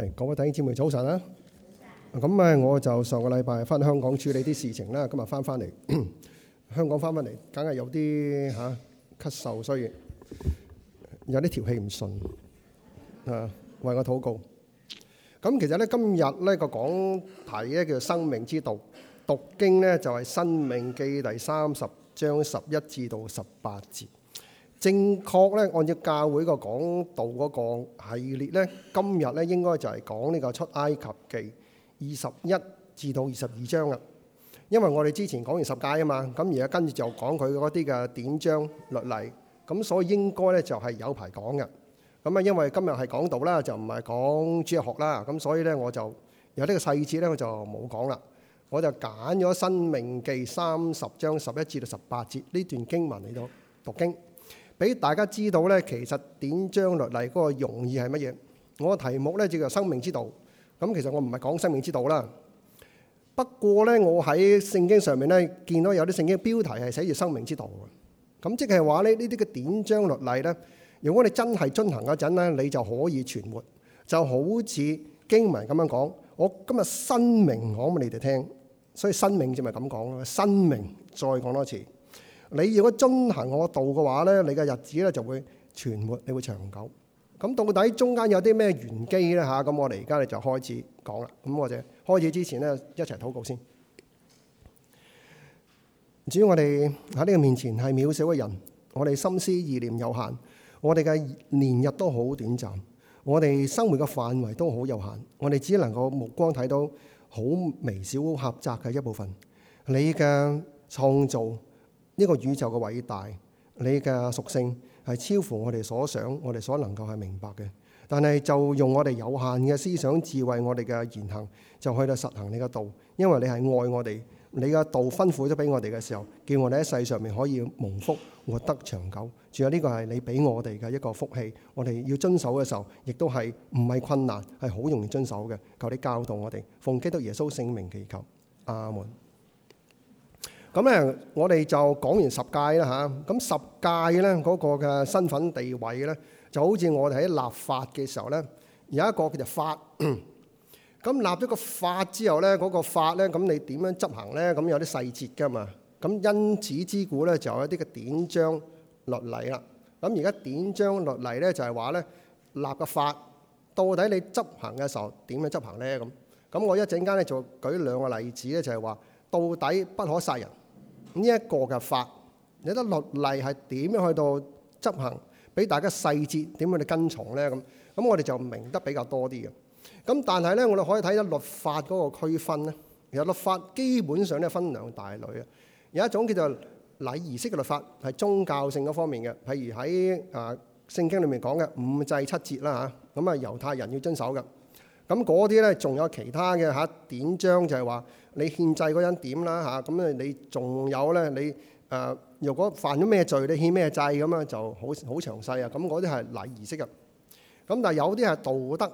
係各位弟兄姊妹早晨啦！咁啊，我就上個禮拜翻香港處理啲事情啦，今日翻翻嚟，香港翻翻嚟，梗係有啲嚇咳嗽，所以有啲條氣唔順啊，為我禱告。咁其實咧，今日呢個講題咧叫做生命之道，讀經咧就係、是《申命記》第三十章十一至到十八節。正確咧，按照教會個講道嗰個系列咧，今日咧應該就係講呢個出埃及記二十一至到二十二章啊。因為我哋之前講完十戒啊嘛，咁而家跟住就講佢嗰啲嘅典章律例，咁所以應該咧就係有排講嘅。咁啊，因為今日係講道啦，就唔係講主日學啦，咁所以咧我就有呢個細節咧，我就冇講啦。我就揀咗《申命記》三十章十一至到十八節呢段經文嚟到讀經。俾大家知道咧，其實典章律例嗰個用意係乜嘢？我個題目咧就叫生命之道。咁其實我唔係講生命之道啦。不過咧，我喺聖經上面咧見到有啲聖經標題係寫住生命之道嘅。咁即係話咧，呢啲嘅典章律例咧，如果你真係遵行嗰陣咧，你就可以存活。就好似經文咁樣講，我今日申明講俾你哋聽，所以申明就咪咁講咯。申明再講多次。你如果遵行我道嘅話咧，你嘅日子咧就會存活，你會長久。咁到底中間有啲咩玄機咧？嚇，咁我哋而家就開始講啦。咁我哋開始之前咧，一齊禱告先。至於我哋喺呢個面前係渺小嘅人，我哋心思意念有限，我哋嘅年日都好短暫，我哋生活嘅範圍都好有限，我哋只能夠目光睇到好微小狹窄嘅一部分。你嘅創造。呢個宇宙嘅偉大，你嘅屬性係超乎我哋所想，我哋所能夠係明白嘅。但係就用我哋有限嘅思想智慧，我哋嘅言行就去到實行你嘅道，因為你係愛我哋，你嘅道吩咐咗俾我哋嘅時候，叫我哋喺世上面可以蒙福，活得長久。仲有呢個係你俾我哋嘅一個福氣，我哋要遵守嘅時候，亦都係唔係困難，係好容易遵守嘅。求你教導我哋，奉基督耶穌聖名祈求，阿門。咁咧，我哋就講完十誡啦嚇。咁十誡咧嗰個嘅身份地位咧，就好似我哋喺立法嘅時候咧，有一個叫做法。咁立咗個法之後咧，嗰個法咧，咁你點樣執行咧？咁有啲細節㗎嘛。咁因此之故咧，就有一啲嘅典章律例啦。咁而家典章律例咧，就係話咧，立個法，到底你執行嘅時候點樣執行咧？咁，咁我一陣間咧就舉兩個例子咧，就係話到底不可殺人。呢一個嘅法有得、這個、律例係點樣去到執行，俾大家細節點樣去跟從咧？咁咁我哋就明得比較多啲嘅。咁但係咧，我哋可以睇得律法嗰個區分咧。其實律法基本上咧分兩大類啊，有一種叫做禮儀式嘅律法，係宗教性嗰方面嘅，譬如喺啊聖經裏面講嘅五祭七節啦嚇，咁啊猶太人要遵守嘅。咁嗰啲咧，仲有其他嘅吓，典章就，就係話你欠債嗰人點啦吓，咁、啊、咧你仲有咧你誒，若、呃、果犯咗咩罪，你欠咩債咁啊，就好好詳細啊。咁嗰啲係禮儀式嘅。咁但係有啲係道德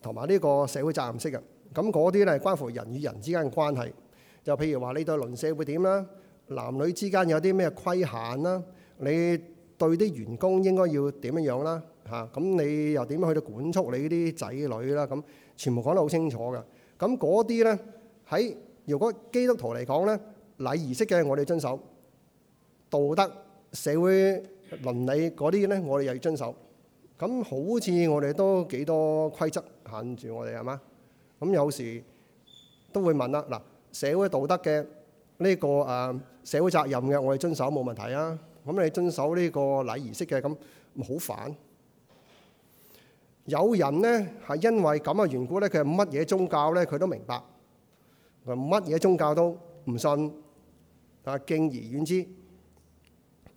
同埋呢個社會責任式嘅。咁嗰啲咧關乎人與人之間嘅關係。就譬如話你對鄰社會點啦，男女之間有啲咩規限啦，你對啲員工應該要點樣樣啦嚇。咁、啊、你又點去到管束你啲仔女啦咁。啊全部講得好清楚㗎，咁嗰啲咧喺如果基督徒嚟講咧，禮儀式嘅我哋遵守，道德、社會倫理嗰啲咧我哋又要遵守，咁好似我哋都幾多規則限住我哋係嗎？咁有時都會問啦，嗱社會道德嘅呢、這個誒、啊、社會責任嘅我哋遵守冇問題啊，咁你遵守呢個禮儀式嘅咁好煩。有人咧係因為咁嘅緣故咧，佢係乜嘢宗教咧佢都明白，乜嘢宗教都唔信，啊敬而遠之。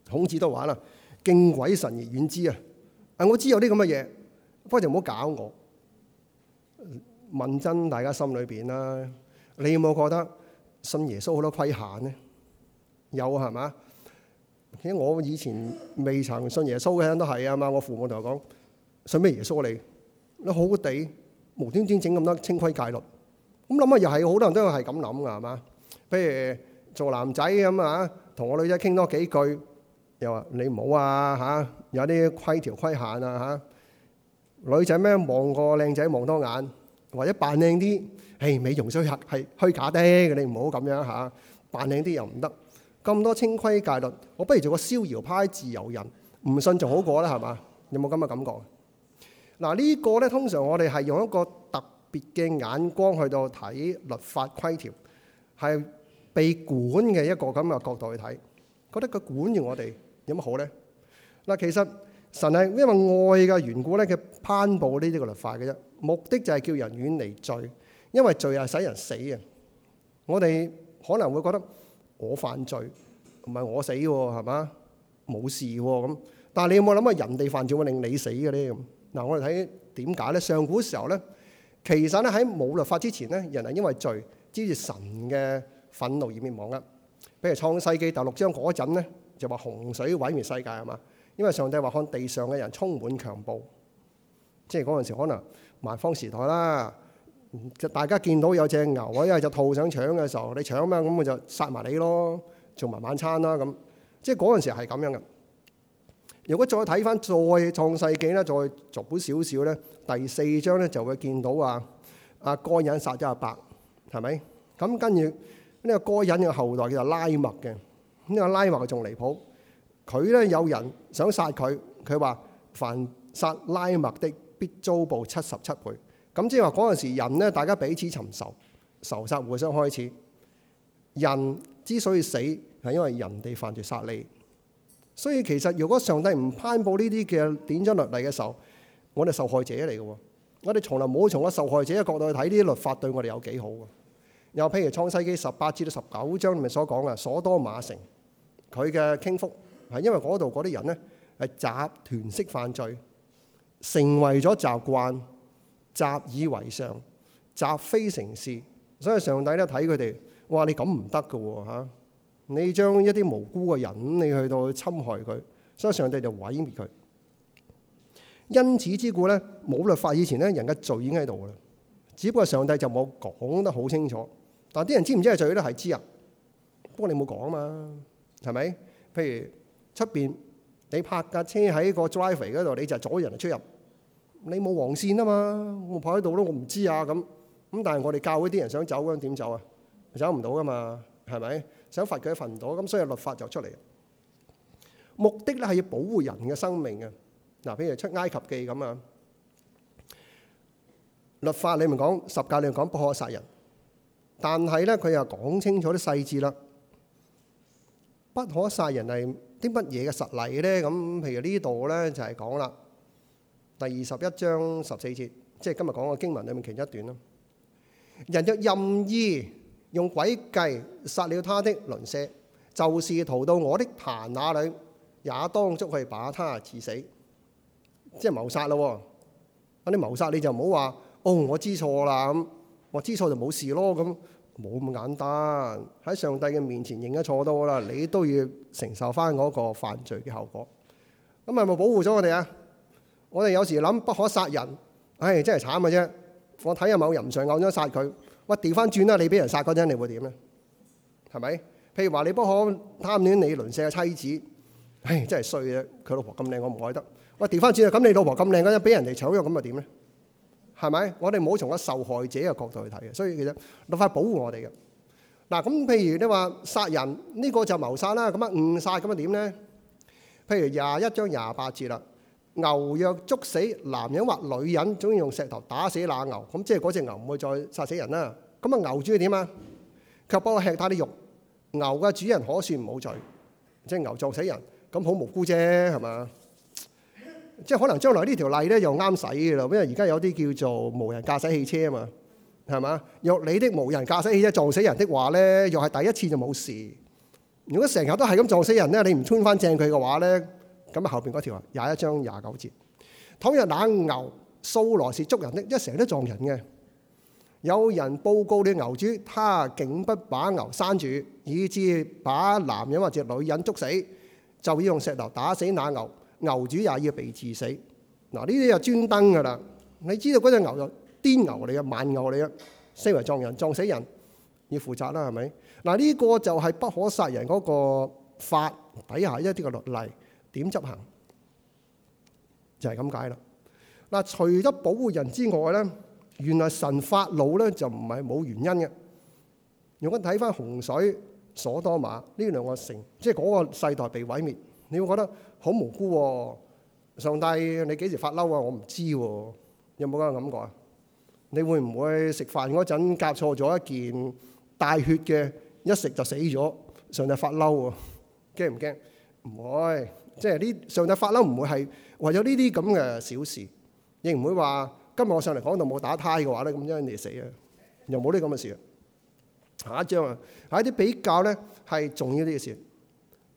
孔子都話啦，敬鬼神而遠之啊！啊，我知有啲咁嘅嘢，不過就唔好搞我。問真大家心裏邊啦，你有冇覺得信耶穌好多規限呢？有係嘛？其實我以前未曾信耶穌嘅人都係啊嘛，我父母同我講信咩耶穌你？」你好地無端端整咁多清規戒律，咁諗啊，又係好多人都係咁諗噶，係嘛？譬如做男仔咁啊，同個女仔傾多幾句，又話你唔好啊嚇、啊，有啲規條規限啊嚇、啊。女仔咩望個靚仔望多眼，或者扮靚啲，誒美容修甲，係虛假的，你唔好咁樣嚇。扮靚啲又唔得，咁多清規戒律，我不如做個逍遙派自由人，唔信仲好過啦，係嘛？有冇咁嘅感覺？嗱，這個呢個咧通常我哋係用一個特別嘅眼光去到睇律法規條，係被管嘅一個咁嘅角度去睇，覺得佢管住我哋有乜好咧？嗱，其實神係因為愛嘅緣故咧，佢頒布呢啲個律法嘅啫，目的就係叫人遠離罪，因為罪係使人死嘅。我哋可能會覺得我犯罪唔係我死喎，係嘛，冇事喎咁，但係你有冇諗啊？人哋犯罪會令你死嘅咧咁。嗱、啊，我哋睇點解咧？上古時候咧，其實咧喺冇律法之前咧，人係因為罪招住神嘅憤怒而滅亡啊，比如創世記第六章嗰陣咧，就話洪水毀滅世界係嘛？因為上帝話看地上嘅人充滿強暴，即係嗰陣時候可能饑荒時代啦，就大家見到有隻牛啊，一係就套想搶嘅時候，你搶咩？咁我就殺埋你咯，做埋晚餐啦咁。即係嗰陣時係咁樣嘅。如果再睇翻，再創世紀咧，再逐本少少咧，第四章咧就會見到啊！阿該隱殺咗阿伯，係咪？咁跟住呢個該隱嘅後代叫做拉麥嘅，呢個拉麥仲離譜。佢咧有人想殺佢，佢話凡殺拉麥的，必遭報七十七倍。咁即係話嗰陣時人咧，大家彼此尋仇，仇殺互相開始。人之所以死，係因為人哋犯罪殺你。所以其實，如果上帝唔頒布呢啲嘅典章律例嘅時候，我哋受害者嚟嘅喎，我哋從來冇從個受害者嘅角度去睇呢啲律法對我哋有幾好嘅。又譬如創世記十八至到十九章裏面所講嘅「所多馬城佢嘅傾覆係因為嗰度嗰啲人呢，係集團式犯罪，成為咗習慣，習以為常，集非成事，所以上帝咧睇佢哋，哇！你咁唔得嘅喎你將一啲無辜嘅人，你去到去侵害佢，所以上帝就毀滅佢。因此之故咧，冇律法以前咧，人嘅罪已經喺度㗎喇，只不過上帝就冇講得好清楚。但啲人知唔知係罪咧？係知啊。不過你冇講啊嘛，係咪？譬如出邊你泊架車喺個 driveway 嗰度，你就阻人出入。你冇黃線啊嘛，我泊喺度咯，我唔知啊咁。咁但係我哋教會啲人想走嗰陣點走啊？走唔到噶嘛，係咪？想罰佢一份賬咁，所以律法就出嚟。目的咧係要保護人嘅生命嘅。嗱，譬如出埃及記咁啊，律法裡面講十戒裡面講不可殺人，但係咧佢又講清楚啲細節啦。不可殺人係啲乜嘢嘅實例咧？咁譬如呢度咧就係講啦，第二十一章十四節，即係今日講嘅經文裡面其中一段啦。人若任意用詭計殺了他的鄰舍，就是逃到我的壇那裏，也當捉去把他治死，即係謀殺咯。嗰啲你謀殺你就唔好話，哦，我知錯啦咁，我知錯就冇事咯咁，冇咁簡單。喺上帝嘅面前認咗錯都好啦，你都要承受翻嗰個犯罪嘅後果。咁係咪保護咗我哋啊？我哋有時諗不可殺人，唉、哎，真係慘嘅啫。我睇下某人上咬咗殺佢。我調翻轉啦！你俾人殺嗰陣，你會點咧？係咪？譬如話你不可貪戀你鄰舍嘅妻子，唉，真係衰啊！佢老婆咁靚，我唔愛得。我調翻轉啦！咁你老婆咁靚嗰陣，俾人哋搶咗，咁又點咧？係咪？我哋唔好從個受害者嘅角度去睇啊！所以其實律法保護我哋嘅。嗱，咁譬如你話殺人呢個就謀殺啦，咁啊誤殺咁啊點咧？譬如廿一章廿八節啦，牛若捉死男人或女人，總要用石頭打死那牛，咁即係嗰隻牛唔會再殺死人啦。咁啊牛主要點啊？佢幫我吃曬啲肉。牛嘅主人可算冇罪，即係牛撞死人，咁好無辜啫，係嘛？即係可能將來呢條例咧又啱使嘅啦，因為而家有啲叫做無人駕駛汽車啊嘛，係嘛？若你的無人駕駛汽車撞死人的話咧，又係第一次就冇事。如果成日都係咁撞死人咧，你唔穿翻正佢嘅話咧，咁啊後邊嗰條廿一章廿九節，倘若冷牛素來是觸人的，一成日都撞人嘅。有人報告啲牛主，他竟不把牛拴住，以致把男人或者女人捉死，就要用石頭打死那牛，牛主也要被治死。嗱，呢啲就專登噶啦。你知道嗰隻牛就癲牛嚟嘅，慢牛嚟嘅，四圍撞人，撞死人要負責啦，係咪？嗱，呢個就係不可殺人嗰個法底下一啲嘅律例，點執行就係咁解啦。嗱，除咗保護人之外咧。原來神發怒咧就唔係冇原因嘅。如果睇返洪水、所多瑪呢兩個城，即係嗰個世代被毀滅，你會覺得好無辜喎、哦。上帝，你幾時發嬲啊？我唔知喎、哦。有冇咁嘅感覺啊？你會唔會食飯嗰陣夾錯咗一件帶血嘅，一食就死咗？上帝發嬲喎，驚唔驚？唔會，即係呢。上帝發嬲唔會係為咗呢啲咁嘅小事，亦唔會話。今日我上嚟講就冇打胎嘅話咧，咁樣你死啊！又冇啲咁嘅事。下一張啊，係一啲比較咧係重要啲嘅事，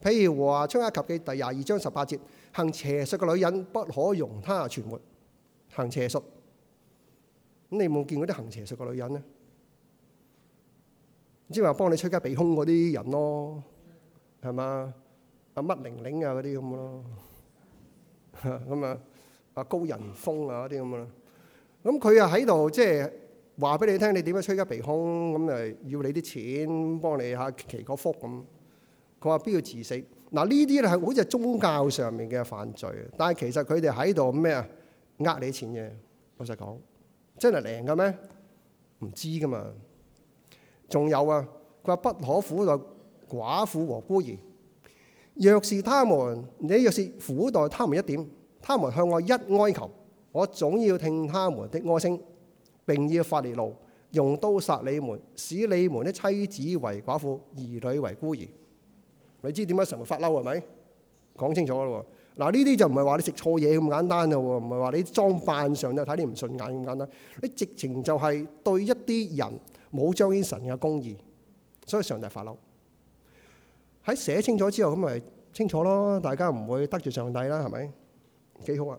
譬如話《出埃及記》第廿二章十八節：行邪術嘅女人不可容她存活。行邪術，咁你有冇見過啲行邪術嘅女人咧？即係話幫你出街避凶嗰啲人咯，係嘛？啊麥玲玲啊嗰啲咁咯，咁 啊啊高人峯啊嗰啲咁啊～咁佢又喺度即係話俾你聽，你點樣吹一鼻空咁嚟要你啲錢，幫你，幫你下祈個福咁。佢話必要自食」。嗱，呢啲咧係好似係宗教上面嘅犯罪，但係其實佢哋喺度咩啊？呃你錢嘅，老實講，真係靈嘅咩？唔知噶嘛。仲有啊，佢話不可苦待寡婦和孤兒。若是他們，你若是苦待他們一點，他們向我一哀求。我總要聽他們的哀聲，並要發烈怒，用刀殺你們，使你們的妻子為寡婦，兒女為孤兒。你知點解神會發嬲係咪？講清楚咯。嗱，呢啲就唔係話你食錯嘢咁簡單啦，唔係話你裝扮上就睇你唔順眼咁簡單。你直情就係對一啲人冇彰顯神嘅公義，所以上帝發嬲。喺寫清楚之後，咁咪清楚咯。大家唔會得罪上帝啦，係咪？幾好啊！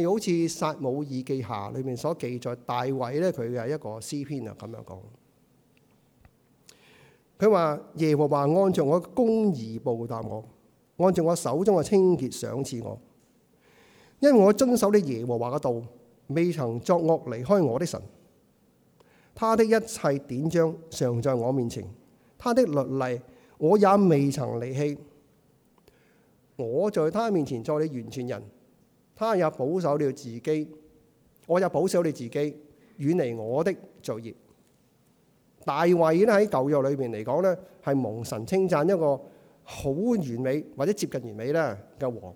係好似撒母耳記下裏面所記載，大衛呢，佢係一個詩篇啊咁樣講。佢話耶和華按照我的公義報答我，按照我手中嘅清潔賞賜我，因為我遵守你耶和華嘅道，未曾作惡離開我的神。他的一切典章常在我面前，他的律例我也未曾離棄。我在他面前做你完全人。他也保守了自己，我也保守了自己，遠離我的罪業。大衛呢，喺舊約裏面嚟講呢，係蒙神稱讚一個好完美或者接近完美咧嘅王，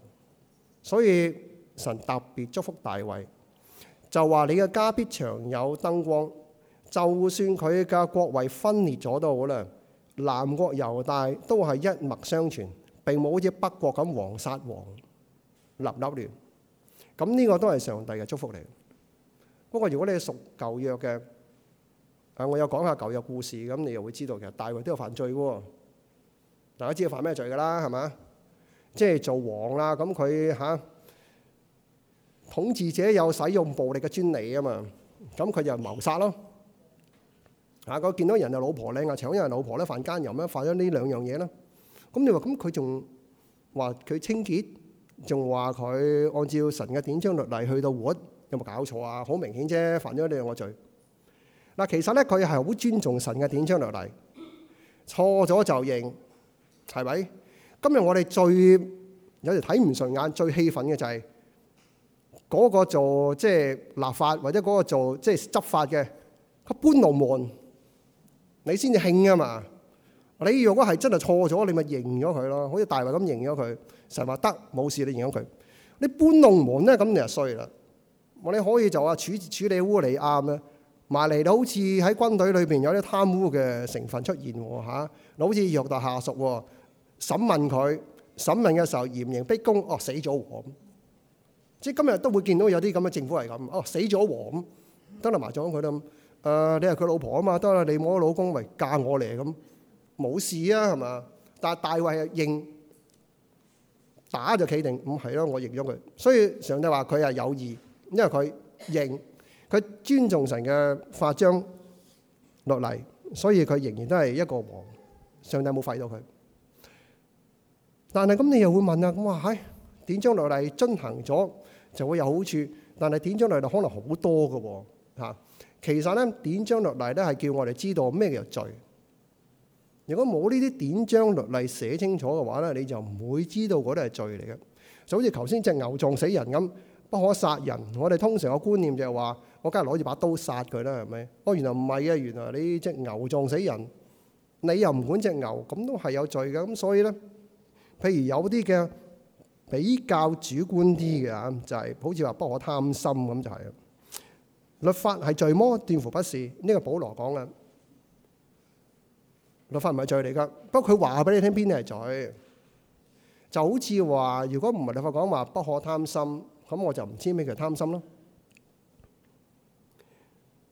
所以神特別祝福大衛，就話你嘅家必長有燈光。就算佢嘅國位分裂咗都好啦，南國猶大都係一脈相傳，並冇好似北國咁王殺王，立立亂。咁呢個都係上帝嘅祝福嚟。不過如果你熟舊約嘅，啊，我有講下舊約故事，咁你又會知道其實大衛都有犯罪喎。大家知道犯咩罪噶啦，係嘛？即係做王啦，咁佢嚇統治者有使用暴力嘅專利啊嘛，咁佢就謀殺咯。啊，個見到人又老婆靚，又搶，因為老婆咧犯姦淫咧，犯咗呢兩樣嘢啦。咁你話咁佢仲話佢清潔？仲話佢按照神嘅典章律例去到活，有冇搞錯啊？好明顯啫，犯咗呢兩個罪。嗱，其實咧佢係好尊重神嘅典章律例，錯咗就認，係咪？今日我哋最有時睇唔順眼、最氣憤嘅就係嗰個做即係立法或者嗰個做即係執法嘅，佢搬龍門，你先至興啊嘛！你如果係真係錯咗，你咪認咗佢咯，好似大衛咁認咗佢，成日話得冇事，你認咗佢。你搬龍門咧，咁你就衰啦。我你可以就話處處理烏利亞咁啊，埋嚟到好似喺軍隊裏邊有啲貪污嘅成分出現吓、啊，你好似約但下屬，審問佢，審問嘅時候嚴刑逼供，哦死咗喎咁。即係今日都會見到有啲咁嘅政府係咁，哦死咗喎咁，得啦埋咗佢啦誒，你係佢老婆啊嘛，得啦，你冇老公咪嫁我嚟咁。冇事啊，係嘛？但係大衛係認打就企定，唔係咯，我認咗佢。所以上帝話佢係有義，因為佢認佢尊重神嘅法章律例，所以佢仍然都係一個王。上帝冇廢到佢。但係咁，你又會問啊，咁話唉，典章律例遵行咗就會有好處，但係典章律例可能好多噶吓。其實咧，典章律例咧係叫我哋知道咩叫罪。如果冇呢啲典章律例寫清楚嘅話咧，你就唔會知道嗰啲係罪嚟嘅。就好似頭先隻牛撞死人咁，不可殺人。我哋通常嘅觀念就係話，我梗係攞住把刀殺佢啦，係咪？哦，原來唔係啊，原來你隻牛撞死人，你又唔管隻牛，咁都係有罪嘅。咁所以咧，譬如有啲嘅比較主觀啲嘅啊，就係好似話不可貪心咁就係啊。律法係罪麼？斷乎不是。呢個保羅講嘅。律法唔係罪嚟噶，不過佢話俾你聽邊啲係罪，就好似話如果唔係律法講話不可貪心，咁我就唔知咩叫貪心咯。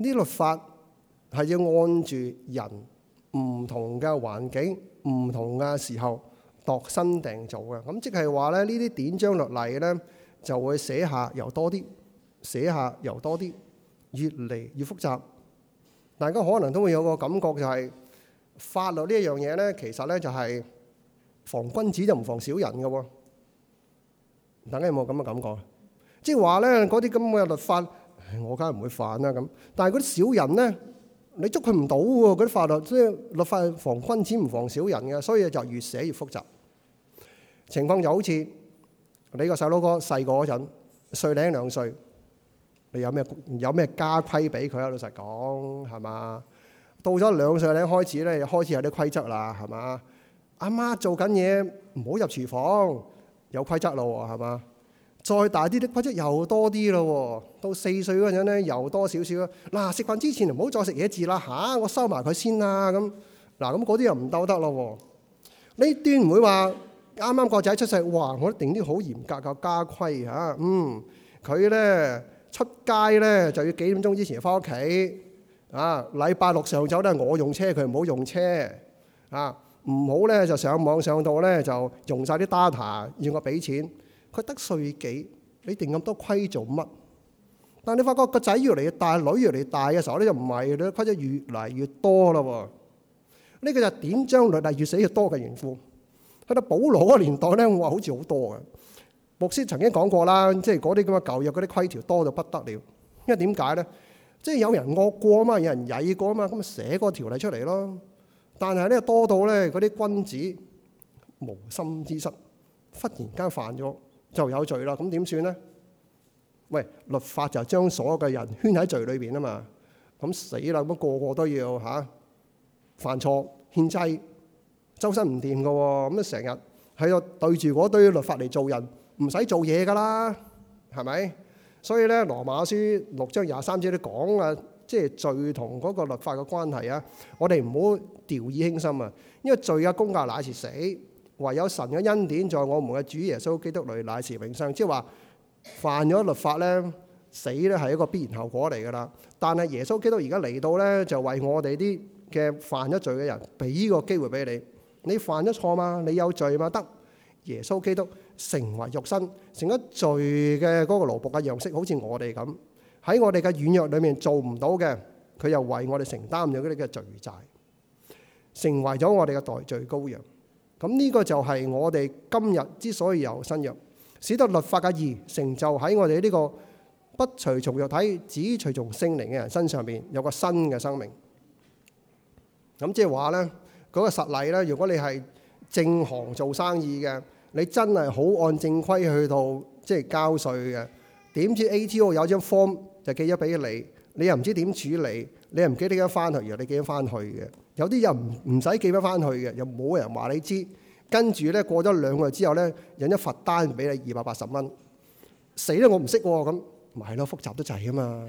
呢律法係要按住人唔同嘅環境、唔同嘅時候度身定做嘅。咁即係話咧，呢啲典章落嚟咧就會寫下又多啲，寫下又多啲，越嚟越複雜。大家可能都會有個感覺就係、是。法律呢一樣嘢咧，其實咧就係防君子就唔防小人嘅喎。大家有冇咁嘅感覺？即係話咧，嗰啲咁嘅立法，我梗係唔會犯啦咁。但係嗰啲小人咧，你捉佢唔到喎。嗰啲法律即係立法防君子唔防小人嘅，所以就越寫越複雜。情況就好似你個細佬哥細個嗰陣，歲零兩歲，你有咩有咩家規俾佢呀？老實講，係嘛？到咗兩歲咧開始咧，又開始有啲規則啦，係嘛？阿媽，媽做緊嘢，唔好入廚房，有規則咯，係嘛？再大啲，啲規則又多啲咯。到四歲嗰陣咧，又多少少啦。嗱、啊，食飯之前唔好再食嘢字啦，吓、啊，我收埋佢先啦。咁、啊、嗱，咁嗰啲又唔鬥得咯。呢端唔會話啱啱個仔出世，哇！我一定啲好嚴格嘅家規啊。嗯，佢咧出街咧就要幾點鐘之前翻屋企。啊！禮拜六上晝咧，我用車，佢唔好用車。啊，唔好咧就上網上到咧就用晒啲 data，要我俾錢。佢得稅幾？你定咁多規做乜？但你發覺個仔越嚟越大，女越嚟越大嘅時候咧就唔係啦，規則越嚟越多啦喎。呢、這個就點將率係越，越死越多嘅緣故。喺到保羅嗰年代咧，我話好似好多嘅牧師曾經講過啦，即係嗰啲咁嘅舊約嗰啲規條多到不得了。因為點解咧？即係有人惡過啊嘛，有人曳過啊嘛，咁咪寫嗰個條例出嚟咯。但係咧多到咧嗰啲君子無心之失，忽然間犯咗就有罪啦。咁點算咧？喂，律法就將所有嘅人圈喺罪裏面啊嘛。咁死啦！咁、那個個都要吓、啊，犯錯欠債，周身唔掂噶喎。咁啊成日喺度對住嗰堆律法嚟做人，唔使做嘢噶啦，係咪？所以咧，《羅馬書》六章廿三節都講啊，即係罪同嗰個律法嘅關係啊。我哋唔好掉以輕心啊，因為罪嘅工價乃是死，唯有神嘅恩典在我們嘅主耶穌基督裡乃是永生。即係話犯咗律法咧，死咧係一個必然後果嚟㗎啦。但係耶穌基督而家嚟到咧，就為我哋啲嘅犯咗罪嘅人俾一個機會俾你。你犯咗錯嘛？你有罪嘛？得耶穌基督。成為肉身，成一罪嘅嗰個蘿蔔嘅樣式，好似我哋咁，喺我哋嘅軟弱裏面做唔到嘅，佢又為我哋承擔咗呢個罪債，成為咗我哋嘅代罪羔羊。咁呢個就係我哋今日之所以有新約，使得律法嘅義成就喺我哋呢個不隨從肉體、只隨從聖靈嘅人身上面有個新嘅生命。咁即係話呢，嗰個實例呢，如果你係正行做生意嘅。你真係好按正規去到即係交稅嘅，點知 A T O 有張 form 就寄咗俾你，你又唔知點處理，你又唔記得翻去，然後你寄咗翻去嘅，有啲人唔唔使寄乜翻去嘅，又冇人話你知，跟住咧過咗兩個月之後咧，引一罰單俾你二百八十蚊，死啦我唔識喎咁，咪係咯，複雜得滯啊嘛，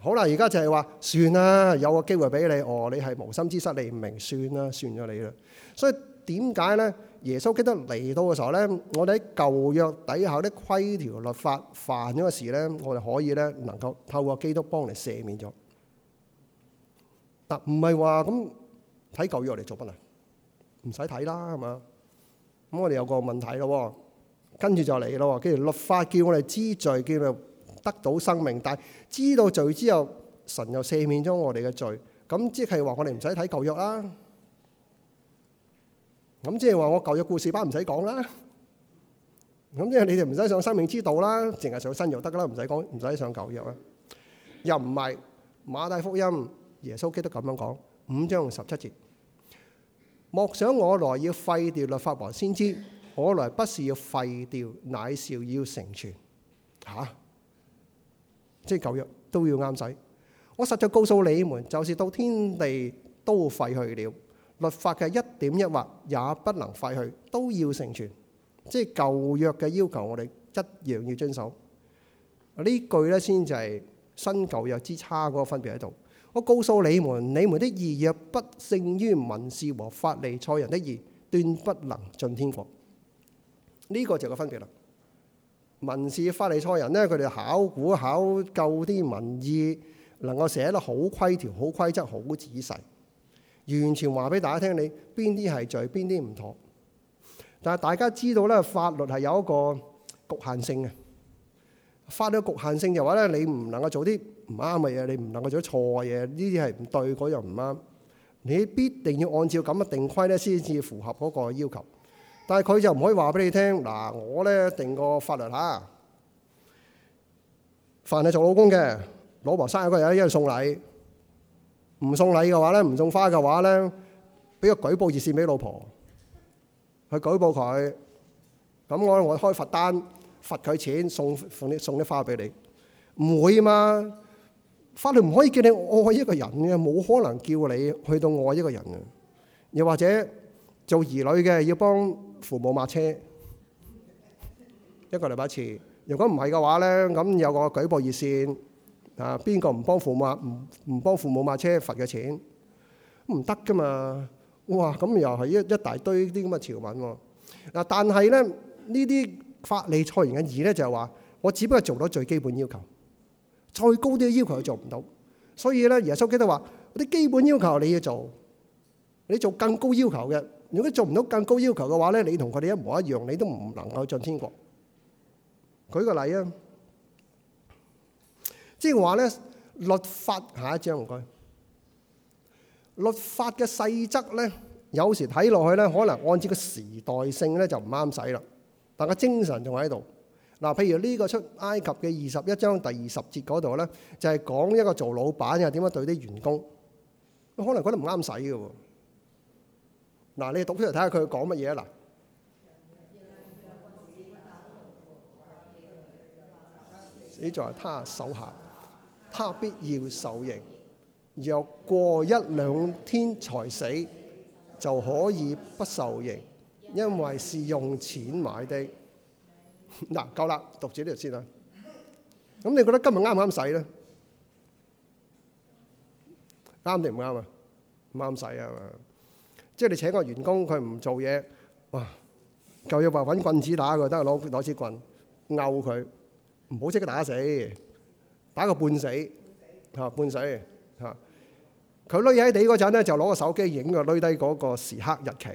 好啦，而家就係話算啦，有個機會俾你，哦，你係無心之失，你唔明算啦，算咗你啦，所以點解咧？耶穌基督嚟到嘅時候咧，我哋喺舊約底下啲規條律法犯咗嘅事咧，我哋可以咧能夠透過基督幫我哋赦免咗。嗱，唔係話咁睇舊約嚟做不難，唔使睇啦係嘛？咁我哋有個問題咯，跟住就嚟咯，既然律法叫我哋知罪，叫我得到生命，但係知道罪之後，神又赦免咗我哋嘅罪，咁即係話我哋唔使睇舊約啦。咁即係話我舊約故事班唔使講啦，咁即係你哋唔使上生命之道啦，淨係上新約得噶啦，唔使講唔使上舊約啦。又唔係，馬太福音耶穌基督咁樣講五章十七節，莫想我來要廢掉律法和先知，我來不是要廢掉，乃是要成全。吓，即係舊約都要啱使。我實在告訴你們，就是到天地都廢去了。律法嘅一點一劃也不能廢去，都要成全。即係舊約嘅要求，我哋一樣要遵守。句呢句咧先就係新舊約之差嗰個分別喺度。我告訴你們，你們的義若不勝於文士和法利賽人的義，斷不能進天國。呢、這個就係個分別啦。文士法利賽人呢，佢哋考古考究啲民意，能夠寫得好規條、好規則、好仔細。完全話俾大家聽，你邊啲係罪，邊啲唔妥。但係大家知道咧，法律係有一個局限性嘅。法律局限性嘅話咧，你唔能夠做啲唔啱嘅嘢，你唔能夠做啲錯嘅嘢。呢啲係唔對，嗰樣唔啱。你必定要按照咁嘅定規咧，先至符合嗰個要求。但係佢就唔可以話俾你聽，嗱，我咧定個法律嚇，凡係做老公嘅，老婆生日嗰日一定要送禮。唔送禮嘅話咧，唔送花嘅話咧，俾個舉報熱線俾老婆，去舉報佢。咁我我開罰單，罰佢錢，送送啲送啲花俾你。唔會嘛？法律唔可以叫你愛一個人嘅，冇可能叫你去到愛一個人嘅。又或者做兒女嘅要幫父母抹車，一個禮拜一次。如果唔係嘅話咧，咁有個舉報熱線。啊！邊個唔幫父母唔唔幫父母買車罰嘅錢唔得噶嘛！哇！咁又係一一大堆啲咁嘅潮聞喎。嗱，但係咧，呢啲法利賽人嘅義咧就係話，我只不過做到最基本要求，再高啲嘅要求佢做唔到。所以咧，耶穌基督都話，啲基本要求你要做，你做更高要求嘅，如果做唔到更高要求嘅話咧，你同佢哋一模一樣，你都唔能夠進天國。舉個例啊！即係話咧，律法下一章唔該。律法嘅細則咧，有時睇落去咧，可能按照個時代性咧就唔啱使啦。但個精神仲喺度。嗱，譬如呢個出埃及嘅二十一章第二十節嗰度咧，就係講一個做老闆又點樣對啲員工，可能覺得唔啱使嘅喎。嗱，你讀出嚟睇下佢講乜嘢啊？嗱，死在他手下。他必要受刑，若過一兩天才死，就可以不受刑，因為是用錢買的。嗱，夠啦，讀住呢條先啦。咁你覺得今日啱唔啱使咧？啱定唔啱啊？唔啱使啊嘛？即係你請個員工，佢唔做嘢，哇！就有辦法揾棍子打佢，得攞支棍毆佢，唔好即刻打死。打個半死嚇，半死嚇。佢匿喺地嗰陣咧，就攞個手機影佢，匿低嗰個時刻日期。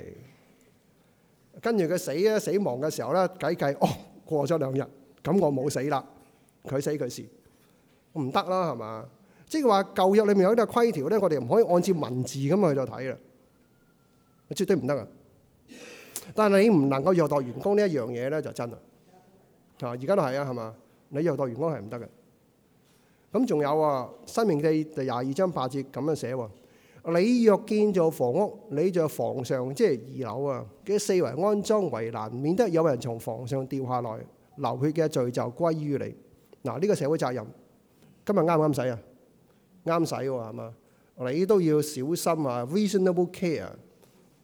跟住佢死咧，死亡嘅時候咧，計計哦，過咗兩日，咁我冇死啦。佢死佢事，唔得啦，係嘛？即係話舊約裏面有啲規條咧，我哋唔可以按照文字咁去度睇啦，絕對唔得啊！但係你唔能夠虐待員工呢一樣嘢咧，就真啦嚇。而家都係啊，係嘛？你虐待員工係唔得嘅。咁仲有啊，《申命記》第廿二章八節咁樣寫喎、啊，你若建造房屋，你就房上即係二樓啊嘅四圍安裝圍欄，免得有人從房上掉下來，流血嘅罪就歸於你。嗱、啊，呢、這個社會責任，今日啱唔啱使啊？啱使喎，係嘛？你都要小心啊，reasonable care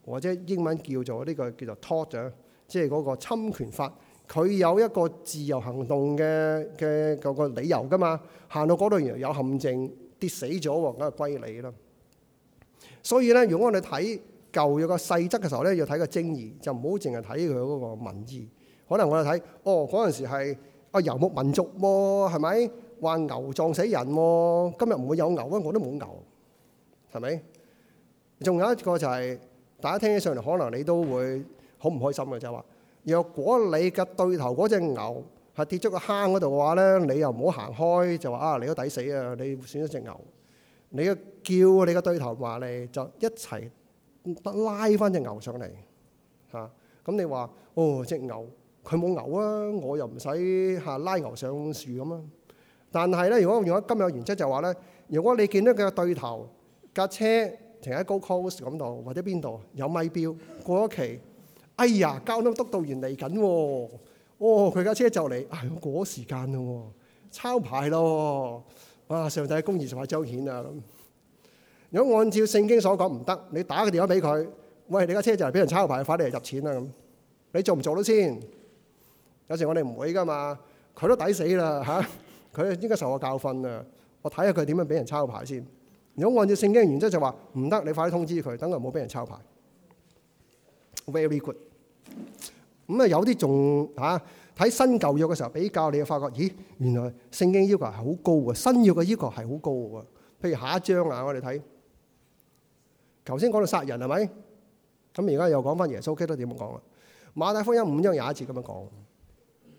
或者英文叫做呢、這個叫做 tort 即係嗰個侵權法。佢有一個自由行動嘅嘅個個理由㗎嘛，行到嗰度原來有陷阱跌死咗喎，梗係歸你啦。所以咧，如果我哋睇舊約嘅細則嘅時候咧，要睇個正義，就唔好淨係睇佢嗰個民意。可能我哋睇哦嗰陣時係啊遊牧民族喎，係咪話牛撞死人喎？今日唔會有牛啊，我都冇牛，係咪？仲有一個就係大家聽起上嚟，可能你都會好唔開心嘅，就係話。若果你嘅對頭嗰隻牛係跌咗個坑嗰度嘅話咧，你又唔好行開就話啊，你都抵死啊！你選咗隻牛，你嘅叫你嘅對頭話你就一齊得拉翻隻牛上嚟嚇。咁你話哦，隻牛佢冇牛啊，我又唔使嚇拉牛上樹咁啊。但係咧，如果用咗今日嘅原則就話咧，如果你見到佢嘅對頭架車停喺高 cost 咁度，或者邊度有米標過咗期。哎呀，交通督導員嚟緊、哦，哦，佢架車就嚟，哎呀，我過咗時間咯、哦，抄牌咯、哦，啊，上帝公義就快彰顯啊！咁。如果按照聖經所講唔得，你打個電話俾佢，喂，你架車就係俾人抄牌，快啲嚟入錢啦咁。你做唔做到先？有時我哋唔會噶嘛，佢都抵死啦吓，佢應該受我教訓啊。訓我睇下佢點樣俾人抄牌先。如果按照聖經原則就話唔得，你快啲通知佢，等佢唔好俾人抄牌。Very good。咁啊，有啲仲嚇睇新舊約嘅時候比較，你就發覺，咦，原來聖經要求係好高嘅，新約嘅要求係好高嘅。譬如下一章啊，我哋睇，頭先講到殺人係咪？咁而家又講翻耶穌基督點講啊？馬太福音五章廿一節咁樣講：嗯、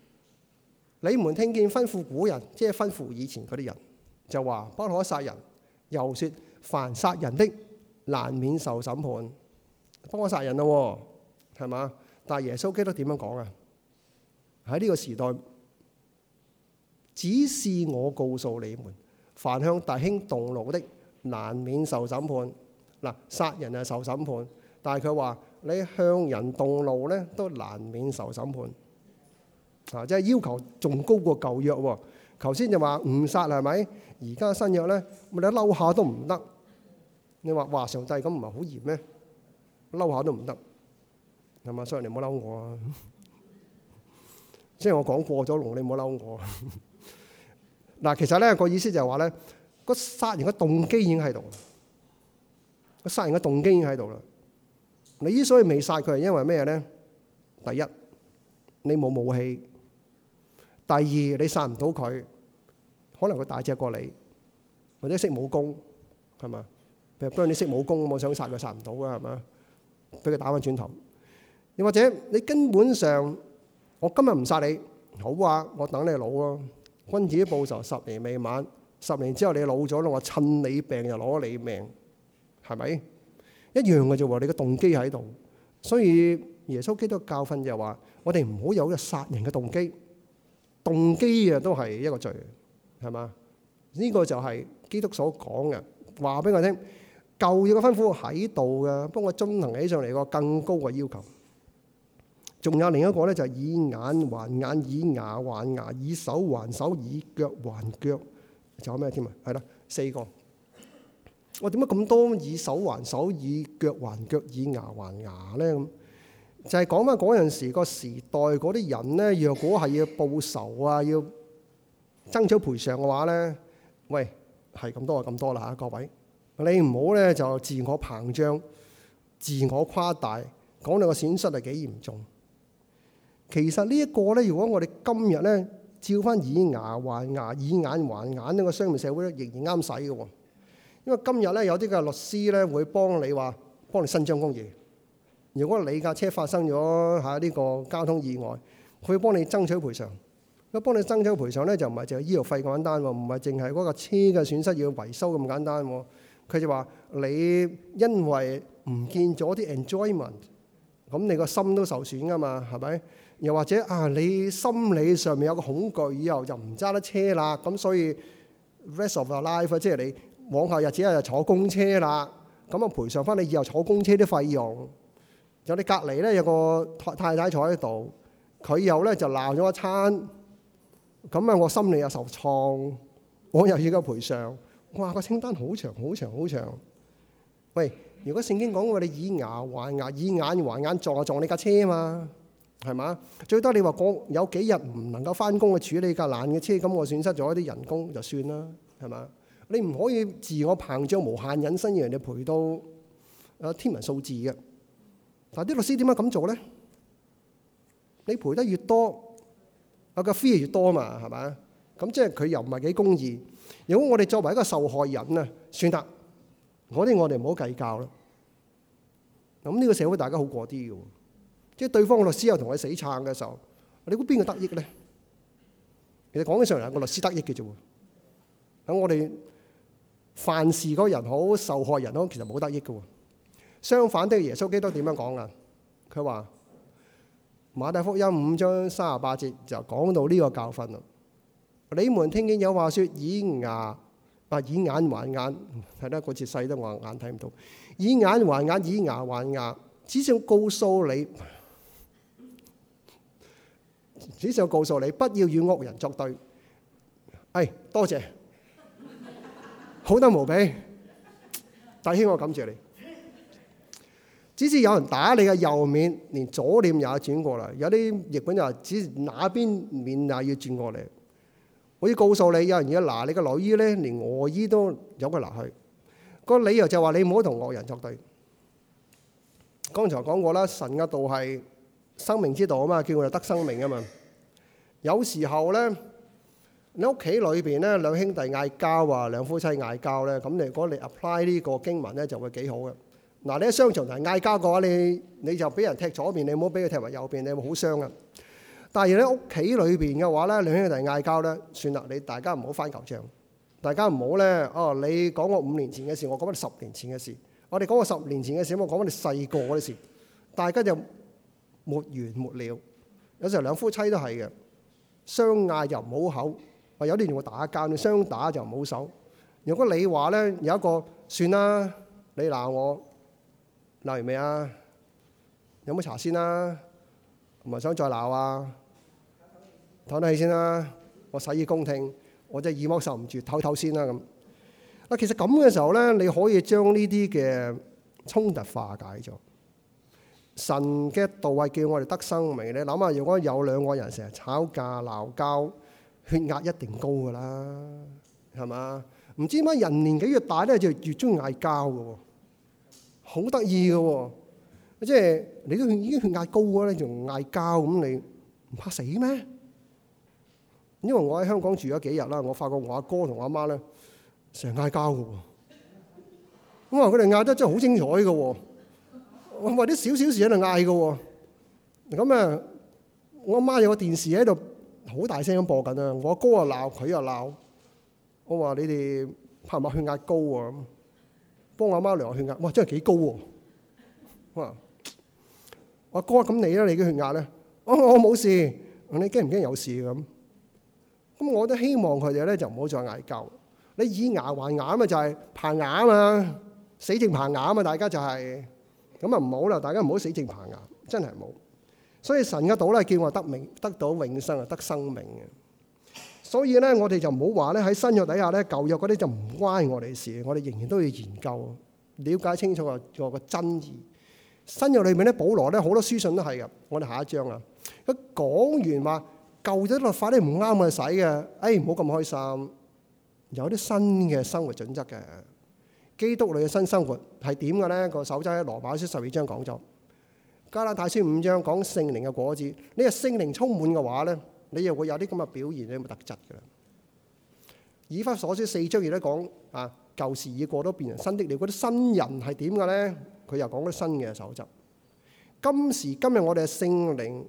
你們聽見吩咐古人，即係吩咐以前嗰啲人，就話：不可殺人，又説凡殺人的難免受審判。不可殺人啦，喎，係嘛？但係耶穌基督點樣講啊？喺呢個時代，只是我告訴你們，凡向弟兄動怒的，難免受審判。嗱，殺人係受審判，但係佢話你向人動怒咧，都難免受審判。啊，即係要求仲高過舊約喎。頭先就話唔殺係咪？而家新約咧，你嬲下都唔得。你話華上帝咁唔係好嚴咩？嬲下都唔得。係嘛？所以你唔好嬲我啊！即係我講過咗咯，你唔好嬲我、啊。嗱，其實咧、個意思就係話咧，個殺人嘅動機已經喺度，個殺人嘅動機已經喺度啦。你之所以未殺佢，係因為咩咧？第一，你冇武器；第二，你殺唔到佢，可能佢大隻過你，或者識武功係嘛？譬如當你識武功，我想殺佢殺唔到㗎係嘛？俾佢打翻轉頭。又或者你根本上，我今日唔殺你好啊，我等你老咯。君子報仇，十年未晚。十年之後你老咗咯，我趁你病又攞你命，係咪一樣嘅？就話你嘅動機喺度。所以耶穌基督嘅教訓就話：我哋唔好有殺人嘅動機，動機啊都係一個罪，係嘛？呢個就係基督所講嘅話，俾我聽舊約嘅吩咐喺度嘅，不過我進行起上嚟個更高嘅要求。仲有另一個咧，就係以眼還眼，以牙還牙，以手還手，以腳還腳。仲有咩添啊？係啦，四個。我點解咁多？以手還手，以腳還腳，以牙還牙咧？咁就係講翻嗰陣時個時代嗰啲人咧，若果係要報仇啊，要爭取賠償嘅話咧，喂，係咁多就咁多啦嚇，各位你唔好咧就自我膨脹、自我誇大，講你個損失係幾嚴重。其實這呢一個咧，如果我哋今日咧，照翻以牙還牙、以眼還眼呢，這個商業社會咧，仍然啱使嘅喎。因為今日咧，有啲嘅律師咧會幫你話幫你伸張公義。如果你架車發生咗吓呢個交通意外，佢會幫你爭取賠償。咁幫你爭取賠償咧，就唔係淨係醫藥費咁簡單喎，唔係淨係嗰架車嘅損失要維修咁簡單喎。佢就話你因為唔見咗啲 enjoyment，咁你個心都受損㗎嘛，係咪？又或者啊，你心理上面有個恐懼，以後就唔揸得車啦。咁所以 rest of your life，即係你往後日子咧就坐公車啦。咁啊，賠償返你以後坐公車啲費用。有你隔離咧有個太太坐喺度，佢又咧就鬧咗一餐。咁啊，我心理又受創，我又要個賠償。哇，個清單好長好長好長。喂，如果聖經講過你以牙還牙，以眼還眼，撞就撞你架車啊嘛。係嘛？最多你話有幾日唔能夠翻工去處理架爛嘅車，咁我損失咗一啲人工就算啦。係嘛？你唔可以自我膨脹、無限引申，讓人哋賠到啊天文數字嘅。但啲律師點解咁做咧？你賠得越多，我嘅 fee 越多嘛，係嘛？咁即係佢又唔係幾公義。如果我哋作為一個受害人啊，算得，我哋我哋唔好計較啦。咁呢個社會大家好過啲嘅。即係對方個律師又同佢死撐嘅時候，你估邊個得益咧？其實講起上嚟，個律師得益嘅啫。喺我哋犯事嗰人好，受害的人好，其實冇得益嘅。相反的，的耶穌基督點樣講噶？佢話馬太福音五章三十八節就講到呢個教訓啦。你們聽見有話說：以牙不、啊、以眼還眼，係啦嗰字細得我眼睇唔到。以眼還眼，以牙還眼，以牙還牙，只想告訴你。只想告訴你，不要與惡人作對。誒、哎，多謝，好得無比，大兄，我感謝你。只是有人打你嘅右面，連左臉也轉過嚟。有啲譯本就話，只那邊面也要轉過嚟。我要告訴你，有人要拿你嘅內衣咧，連外衣都有佢拿去。那個理由就話你唔好同惡人作對。剛才講過啦，神嘅道係。生命之道啊嘛，叫佢哋得生命啊嘛。有時候咧，你屋企裏邊咧兩兄弟嗌交啊，兩夫妻嗌交咧，咁你如果你 apply 呢個經文咧就會幾好嘅。嗱，你喺商場同人嗌交嘅話，你你就俾人踢左邊，你唔好俾佢踢埋右邊，你會好傷啊。但係你喺屋企裏邊嘅話咧，兩兄弟嗌交咧，算啦，你大家唔好翻舊帳，大家唔好咧。哦，你講我五年前嘅事，我講翻你十年前嘅事，我哋講個十年前嘅事，我講翻你細個嗰啲事，大家就。沒完沒了，有時候兩夫妻都係嘅，相嗌又唔好口；話有啲仲會打交，你相打就唔好手。如果你話咧有一個算啦，你鬧我鬧完未啊？飲杯茶先啦？唔係想再鬧啊？唞唞氣先啦，啊，我洗耳恭聽，我真係耳膜受唔住，唞唞先啦咁。嗱，其實咁嘅時候咧，你可以將呢啲嘅衝突化解咗。神嘅道係叫我哋得生命。你諗下如果有兩個人成日吵架鬧交，血壓一定高噶啦，係嘛？唔知點解人年紀越大咧，就越中意嗌交噶，好得意噶，即係你都已經血壓高咧，仲嗌交咁，你唔怕死咩？因為我喺香港住咗幾日啦，我發覺我阿哥同我阿媽咧成日嗌交噶，我話佢哋嗌得真係好精彩噶我為啲少少事喺度嗌嘅，咁啊，我阿媽有個電視喺度好大聲咁播緊啊，我阿哥又鬧佢又鬧，我話你哋怕唔怕血壓高啊？幫我阿媽量血壓，哇，真係幾高啊！我阿哥咁你咧，你嘅血壓咧，哦，我我冇事，你驚唔驚有事咁？咁我都希望佢哋咧就唔好再嗌交。你以牙還牙啊嘛，就係爬牙啊嘛，死剩爬牙啊嘛，大家就係、是。咁啊唔好啦，大家唔好死正爬牙，真係冇。所以神嘅道咧，叫我得命得到永生啊，得生命嘅。所以咧，我哋就唔好話咧，喺新約底下咧舊約嗰啲就唔關我哋事，我哋仍然都要研究、了解清楚個個真義。新約裏面咧，保羅咧好多書信都係噶。我哋下一章啊，佢講完話舊約嘅律法咧唔啱我使嘅，誒，唔好咁開心，有啲新嘅生活準則嘅。基督裡嘅新生活係點嘅咧？個守則喺羅馬書十二章講咗，加拉太書五章講聖靈嘅果子。呢個聖靈充滿嘅話咧，你又會有啲咁嘅表現，你有冇特質嘅啦。以弗所書四章亦都講啊，舊時已過都變成新的。你嗰啲新人係點嘅咧？佢又講咗新嘅守則。今時今日我哋嘅聖靈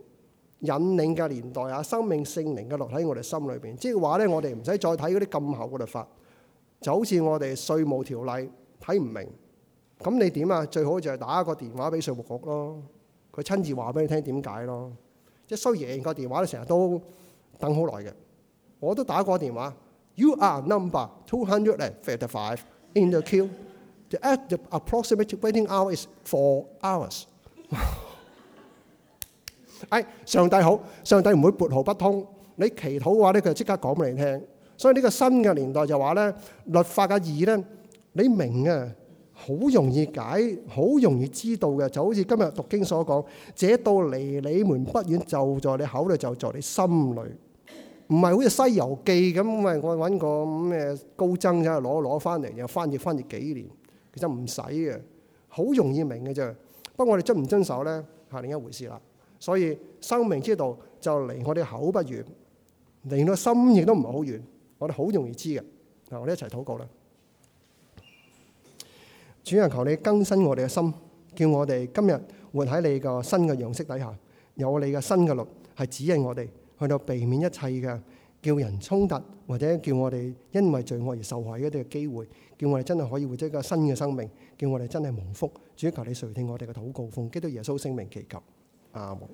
引領嘅年代啊，生命聖靈嘅落喺我哋心裏邊，即係話咧，我哋唔使再睇嗰啲咁厚嘅律法。就好似我哋稅務條例睇唔明，咁你點啊？最好就係打個電話俾稅務局咯，佢親自話俾你聽點解咯。即係雖然個電話咧成日都等好耐嘅，我都打過電話。You are number two hundred and fifty five in the queue. The approximate waiting hour is four hours。哎，上帝好，上帝唔會撥號不通，你祈禱嘅話咧，佢就即刻講俾你聽。所以呢個新嘅年代就話咧，律法嘅義咧，你明啊，好容易解，好容易知道嘅，就好似今日讀經所講，這道離你們不遠，就在你口裏，就在你心裏，唔係好似《西遊記》咁，喂，我揾個咩高僧喺度，攞攞翻嚟又翻譯翻譯幾年，其實唔使嘅，好容易明嘅啫。不過我哋遵唔遵守咧，係另一回事啦。所以生命之道就離我哋口不遠，離我心亦都唔係好遠。我哋好容易知嘅，嗱，我哋一齊禱告啦。主啊，求你更新我哋嘅心，叫我哋今日活喺你個新嘅樣式底下，有你嘅新嘅律，係指引我哋去到避免一切嘅叫人衝突，或者叫我哋因為罪惡而受害嘅一啲嘅機會，叫我哋真係可以活一個新嘅生命，叫我哋真係蒙福。主啊，求你垂聽我哋嘅禱告，奉基督耶穌聖名祈求，阿門。